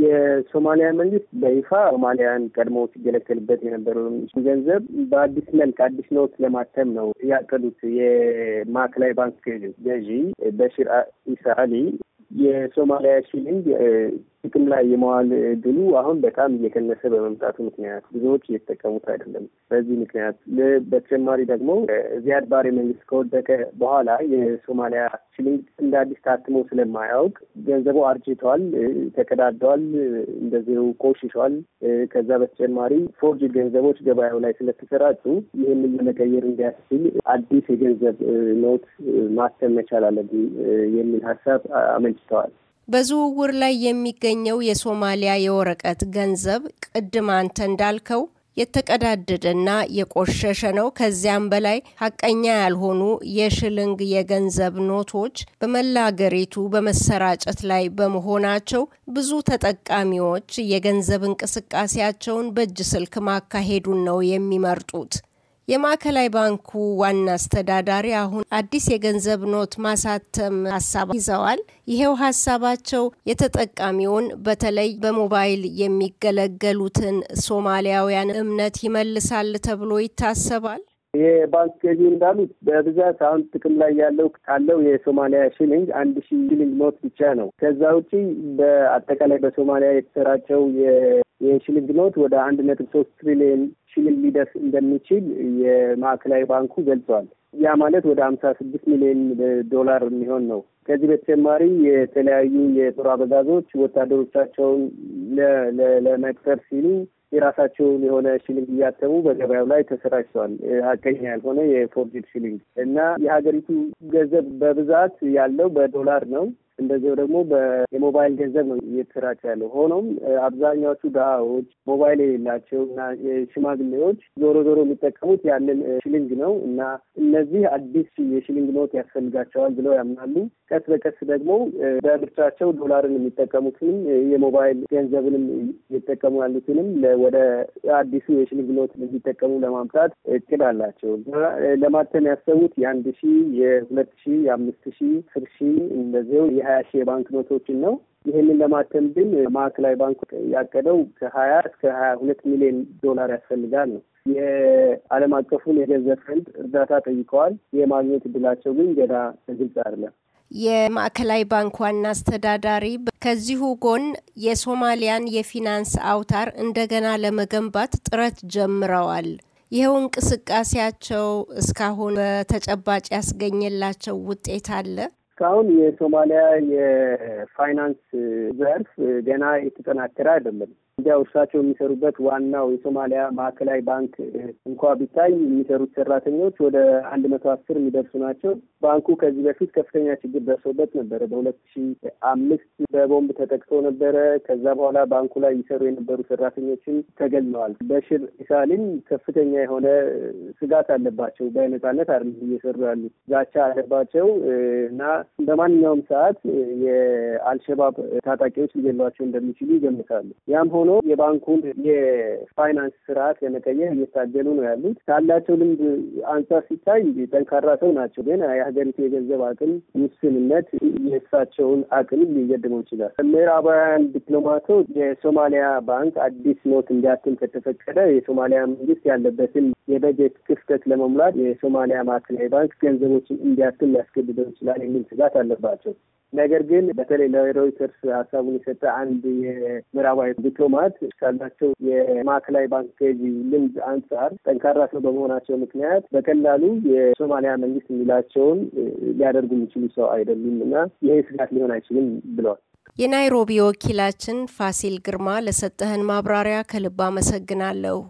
የሶማሊያ መንግስት በይፋ ሶማሊያን ቀድሞ ሲገለገልበት የነበረውን ገንዘብ በአዲስ መልክ አዲስ ኖት ለማተም ነው ያቀዱት። የማዕከላዊ ባንክ ገዢ በሽር ኢሳ አሊ የሶማሊያ ሺሊንግ ጥቅም ላይ የመዋል እድሉ አሁን በጣም እየቀነሰ በመምጣቱ ምክንያት ብዙዎች እየተጠቀሙት አይደለም። በዚህ ምክንያት በተጨማሪ ደግሞ ዚያድ ባሬ መንግስት ከወደቀ በኋላ የሶማሊያ ሽሊንግ እንደ አዲስ ታትሞ ስለማያውቅ ገንዘቡ አርጅተዋል፣ ተቀዳደዋል፣ እንደዚሁ ቆሽሿል። ከዛ በተጨማሪ ፎርጅ ገንዘቦች ገበያው ላይ ስለተሰራጩ ይህን ለመቀየር እንዲያስችል አዲስ የገንዘብ ኖት ማተም መቻል አለብን የሚል ሀሳብ አመንጭተዋል። በዝውውር ላይ የሚገኘው የሶማሊያ የወረቀት ገንዘብ ቅድም አንተ እንዳልከው የተቀዳደደና የቆሸሸ ነው። ከዚያም በላይ ሀቀኛ ያልሆኑ የሽልንግ የገንዘብ ኖቶች በመላ አገሪቱ በመሰራጨት ላይ በመሆናቸው ብዙ ተጠቃሚዎች የገንዘብ እንቅስቃሴያቸውን በእጅ ስልክ ማካሄዱን ነው የሚመርጡት። የማዕከላዊ ባንኩ ዋና አስተዳዳሪ አሁን አዲስ የገንዘብ ኖት ማሳተም ሀሳብ ይዘዋል። ይሄው ሀሳባቸው የተጠቃሚውን በተለይ በሞባይል የሚገለገሉትን ሶማሊያውያን እምነት ይመልሳል ተብሎ ይታሰባል። ባንክ ገቢ እንዳሉት በብዛት አሁን ጥቅም ላይ ያለው ካለው የሶማሊያ ሽሊንግ አንድ ሺ ሽሊንግ ኖት ብቻ ነው። ከዛ ውጪ በአጠቃላይ በሶማሊያ የተሰራቸው የሽሊንግ ኖት ወደ አንድ ነጥብ ሶስት ትሪሊየን ሺልም ሊደርስ እንደሚችል የማዕከላዊ ባንኩ ገልጿል። ያ ማለት ወደ ሀምሳ ስድስት ሚሊዮን ዶላር የሚሆን ነው። ከዚህ በተጨማሪ የተለያዩ የጦር አበጋዞች ወታደሮቻቸውን ለመቅጠር ሲሉ የራሳቸውን የሆነ ሽሊንግ እያተሙ በገበያው ላይ ተሰራጭተዋል። ሀቀኛ ያልሆነ የፎርጅድ ሽሊንግ እና የሀገሪቱ ገንዘብ በብዛት ያለው በዶላር ነው። እንደዚሁ ደግሞ የሞባይል ገንዘብ ነው እየተሰራጨ ያለው። ሆኖም አብዛኛዎቹ ድሃዎች ሞባይል የሌላቸው እና ሽማግሌዎች ዞሮ ዞሮ የሚጠቀሙት ያንን ሽሊንግ ነው እና እነዚህ አዲስ የሽሊንግ ኖት ያስፈልጋቸዋል ብለው ያምናሉ። ቀስ በቀስ ደግሞ በምርጫቸው ዶላርን የሚጠቀሙትንም የሞባይል ገንዘብንም እየተጠቀሙ ያሉትንም ወደ አዲሱ የሽሊንግ ኖት እንዲጠቀሙ ለማምጣት እቅድ አላቸው። ለማተም ያሰቡት የአንድ ሺ የሁለት ሺ የአምስት ሺ ስር ሺ እንደዚው የ ሀያ ሺህ የባንክ ኖቶችን ነው። ይህንን ለማተም ግን ማዕከላዊ ባንክ ያቀደው ከሀያ እስከ ሀያ ሁለት ሚሊዮን ዶላር ያስፈልጋል ነው። የዓለም አቀፉን የገንዘብ ፈንድ እርዳታ ጠይቀዋል። የማግኘት እድላቸው ግን ገና ግልጽ አይደለም። የማዕከላዊ ባንክ ዋና አስተዳዳሪ ከዚሁ ጎን የሶማሊያን የፊናንስ አውታር እንደገና ለመገንባት ጥረት ጀምረዋል። ይኸው እንቅስቃሴያቸው እስካሁን በተጨባጭ ያስገኘላቸው ውጤት አለ? እስካሁን የሶማሊያ የፋይናንስ ዘርፍ ገና የተጠናከረ አይደለም። እንዲያው እርሳቸው የሚሰሩበት ዋናው የሶማሊያ ማዕከላዊ ባንክ እንኳ ቢታይ የሚሰሩት ሰራተኞች ወደ አንድ መቶ አስር የሚደርሱ ናቸው። ባንኩ ከዚህ በፊት ከፍተኛ ችግር ደርሶበት ነበረ። በሁለት ሺ አምስት በቦምብ ተጠቅቶ ነበረ። ከዛ በኋላ ባንኩ ላይ ይሰሩ የነበሩ ሰራተኞችን ተገለዋል። በሽር ኢሳሊም ከፍተኛ የሆነ ስጋት አለባቸው። በነጻነት አር እየሰሩ ያሉ ዛቻ አለባቸው እና በማንኛውም ሰዓት የአልሸባብ ታጣቂዎች ሊገሏቸው እንደሚችሉ ይገምታሉ። ያም ሆኖ የባንኩን የፋይናንስ ስርዓት ለመቀየር እየታገሉ ነው ያሉት። ካላቸው ልምድ አንጻር ሲታይ ጠንካራ ሰው ናቸው። ግን የሀገሪቱ የገንዘብ አቅም ውስንነት የእሳቸውን አቅም ሊገድበው ይችላል። ምዕራባውያን ዲፕሎማቶች የሶማሊያ ባንክ አዲስ ኖት እንዲያትም ከተፈቀደ የሶማሊያ መንግስት ያለበትን የበጀት ክፍተት ለመሙላት የሶማሊያ ማዕከላዊ ባንክ ገንዘቦችን እንዲያትም ሊያስገድደው ይችላል የሚል ስጋት አለባቸው። ነገር ግን በተለይ ለሮይተርስ ሀሳቡን የሰጠ አንድ የምዕራባዊ ዲፕሎ ተቋማት ካላቸው የማዕከላዊ ባንክ ገዢ ልምድ አንጻር ጠንካራ ሰው በመሆናቸው ምክንያት በቀላሉ የሶማሊያ መንግስት የሚላቸውን ሊያደርጉ የሚችሉ ሰው አይደሉም እና ይሄ ስጋት ሊሆን አይችልም ብለዋል። የናይሮቢ ወኪላችን ፋሲል ግርማ፣ ለሰጠህን ማብራሪያ ከልብ አመሰግናለሁ።